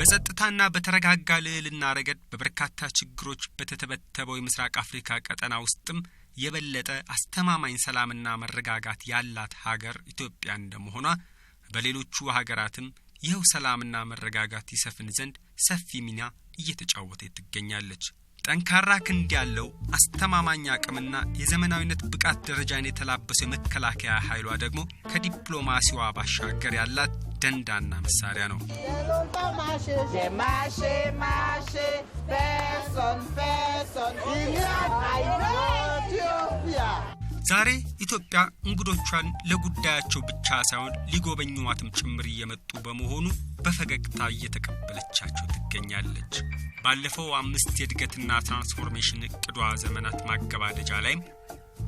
በጸጥታና በተረጋጋ ልዕልና ረገድ በበርካታ ችግሮች በተተበተበው የምስራቅ አፍሪካ ቀጠና ውስጥም የበለጠ አስተማማኝ ሰላምና መረጋጋት ያላት ሀገር ኢትዮጵያ እንደመሆኗ በሌሎቹ ሀገራትም ይኸው ሰላምና መረጋጋት ይሰፍን ዘንድ ሰፊ ሚና እየተጫወተ ትገኛለች። ጠንካራ ክንድ ያለው አስተማማኝ አቅምና የዘመናዊነት ብቃት ደረጃን የተላበሰው የመከላከያ ኃይሏ ደግሞ ከዲፕሎማሲዋ ባሻገር ያላት ደንዳና መሳሪያ ነው። ዛሬ ኢትዮጵያ እንግዶቿን ለጉዳያቸው ብቻ ሳይሆን ሊጎበኙዋትም ጭምር እየመጡ በመሆኑ በፈገግታ እየተቀበለቻቸው ትገኛለች። ባለፈው አምስት የእድገትና ትራንስፎርሜሽን እቅዷ ዘመናት ማገባደጃ ላይም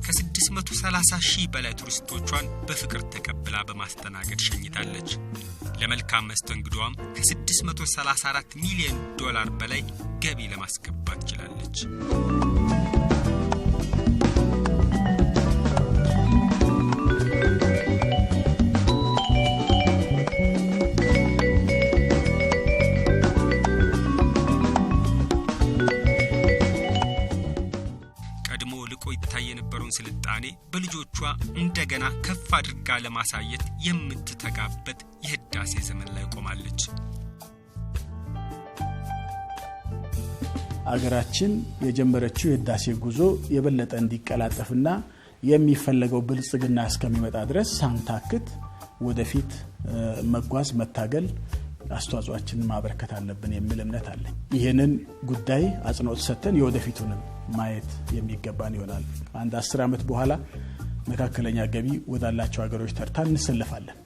ከ630 ሺህ በላይ ቱሪስቶቿን በፍቅር ተቀብላ በማስተናገድ ሸኝታለች። ለመልካም መስተንግዷም ከ634 ሚሊዮን ዶላር በላይ ገቢ ለማስገባት ችላለች። የነበረውን ስልጣኔ በልጆቿ እንደገና ከፍ አድርጋ ለማሳየት የምትተጋበት የህዳሴ ዘመን ላይ ቆማለች። አገራችን የጀመረችው የህዳሴ ጉዞ የበለጠ እንዲቀላጠፍና የሚፈለገው ብልጽግና እስከሚመጣ ድረስ ሳንታክት ወደፊት መጓዝ መታገል አስተዋጽኦችን ማበረከት አለብን የሚል እምነት አለ ይህንን ጉዳይ አጽንኦት ሰጥተን የወደፊቱንም ማየት የሚገባን ይሆናል። አንድ አስር ዓመት በኋላ መካከለኛ ገቢ ወዳላቸው ሀገሮች ተርታ እንሰለፋለን።